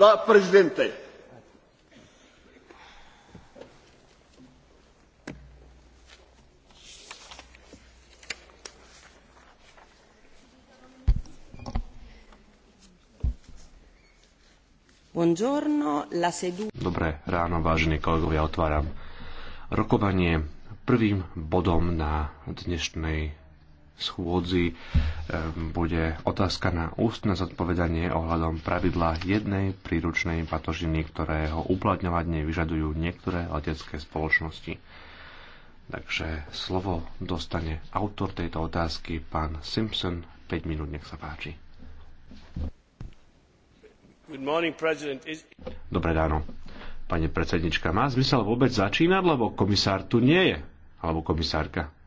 la Presidente. Dobré ráno, vážení kolegovia, otváram rokovanie prvým bodom na dnešnej schôdzi bude otázka na ústne zodpovedanie ohľadom pravidla jednej príručnej patožiny, ktorého uplatňovanie vyžadujú niektoré letecké spoločnosti. Takže slovo dostane autor tejto otázky, pán Simpson. 5 minút, nech sa páči. Dobré ráno. Pane predsednička, má zmysel vôbec začínať, lebo komisár tu nie je? Alebo komisárka?